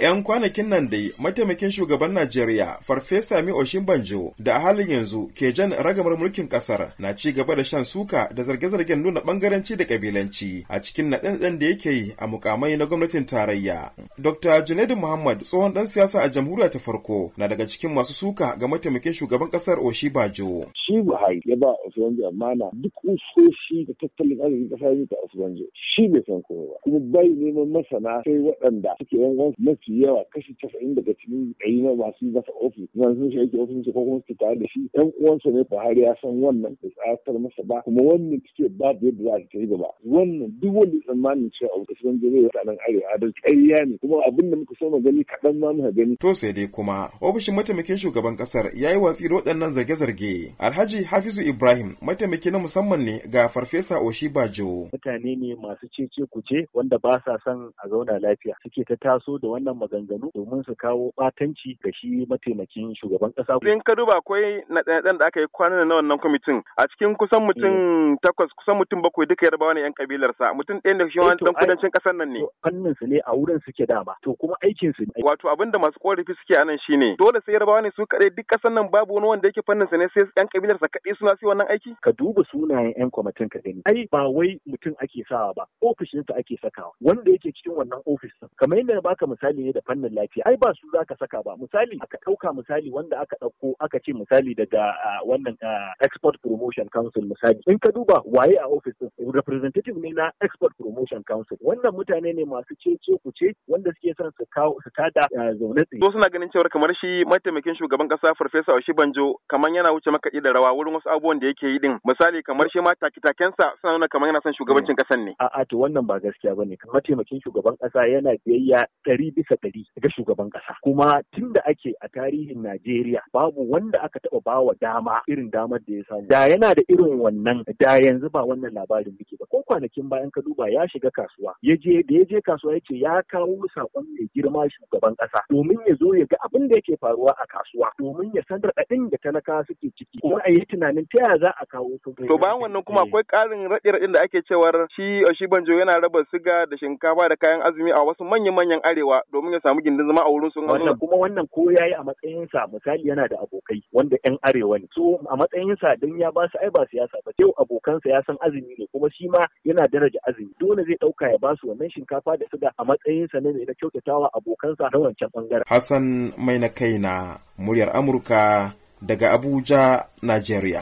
'yan kwanakin nan dai mataimakin shugaban Najeriya Farfesa Mi banjo, da a halin yanzu ke jan ragamar mulkin kasar na ci gaba da shan suka da zarge-zargen nuna bangaranci da kabilanci a cikin naɗin da yake yi a mukamai na gwamnatin tarayya. Dr. Junaidu Muhammad tsohon ɗan siyasa a jamhuriya ta farko na daga cikin masu suka ga mataimakin shugaban kasar banjo. Shi Buhari ya ba amma amana duk usoshi da tattalin arzikin kasa ya ta Oshinbanjo shi bai san kowa kuma bai neman masana sai waɗanda suke yan wasu su yawa kashi casa'in daga cikin ɗari na masu masa ofis na sun shi aiki ofis ko kuma su tare da shi ɗan uwansa ne Buhari ya san wannan da tsatar masa ba kuma wannan take ba da yadda za ta yi gaba wannan duk wanda tsammanin cewa abu kasan zai yi nan arewa da ƙarya ne kuma abin da muka sama gani kaɗan ma muka gani. To sai dai kuma ofishin mataimakin shugaban ƙasar ya yi watsi da waɗannan zarge-zarge Alhaji Hafizu Ibrahim mataimaki na musamman ne ga Farfesa oshi bajo. Mutane ne masu cece kuce wanda ba sa son a zauna lafiya suke ta taso da wannan maganganu domin su kawo batanci ga shi mataimakin shugaban kasa. In ka duba akwai na ɗan da aka yi kwanan na wannan kwamitin a cikin kusan mutum eh. takwas kusan mutum bakwai duka yarbawa wani 'yan kabilarsa mutum ɗaya da shi eh, wani ɗan kudancin ƙasar nan ne. Fannin su ne a wurin suke dama to kuma aikin su ne. Wato abin da masu ƙorafi suke anan shine dole sai yarbawa ne su kaɗai duk ƙasar nan babu wani wanda yake fannin su ne sai 'yan kabilarsa kaɗai suna su wannan aiki. Ka duba sunayen 'yan kwamitin ka gani. Ai ba wai mutum ake sawa ba ofishinsa ake sakawa wanda yake cikin wannan ofis kamar yadda na baka misali ne da fannin lafiya ai ba su za ka saka ba misali aka ɗauka misali wanda aka dauko aka ce misali daga ah, wannan ah, export promotion council misali in ka duba waye a office din representative ne na export promotion council wannan mutane ne masu cece ku ce wanda suke son su kawo su tada ah, zaune tsaye suna ganin cewar kamar shi mataimakin shugaban kasa farfesa banjo kamar yana wuce makaɗi da rawa wurin wasu abubuwan da yake yi din misali kamar shi ma takitakensa suna nuna kamar yana son shugabancin kasan ne a'a to wannan ba gaskiya bane mataimakin shugaban kasa yana biyayya ɗari bisa ɗari ga shugaban ƙasa kuma tun da ake a tarihin Najeriya babu wanda aka taɓa bawa dama irin damar da ya samu da yana da irin wannan da yanzu ba wannan labarin muke ba ko kwanakin bayan ka duba ya shiga kasuwa ya je da ya je kasuwa ya ce ya kawo saƙon mai girma shugaban ƙasa domin ya zo ya ga abin da yake faruwa a kasuwa domin ya san raɗaɗin da talakawa suke ciki kuma a yi tunanin ta yaya za a kawo su. To bayan wannan kuma akwai ƙarin raɗe-raɗin da ake cewar shi Oshibanjo yana raba siga da shinkafa da kayan azumi a wasu manyan manyan arewa domin ya samu gindin zama a wurin sun wannan kuma wannan ko yayi a matsayinsa misali yana da abokai wanda yan arewa ne so a matsayinsa don ya ba su ai ba siyasa ba yau abokansa ya san azumi ne kuma shi ma yana daraja azumi dole zai ɗauka ya ba su wannan shinkafa da suga a matsayinsa ne na kyautatawa abokansa na wancan bangaren Hassan mai na kai na muryar Amurka daga Abuja Najeriya.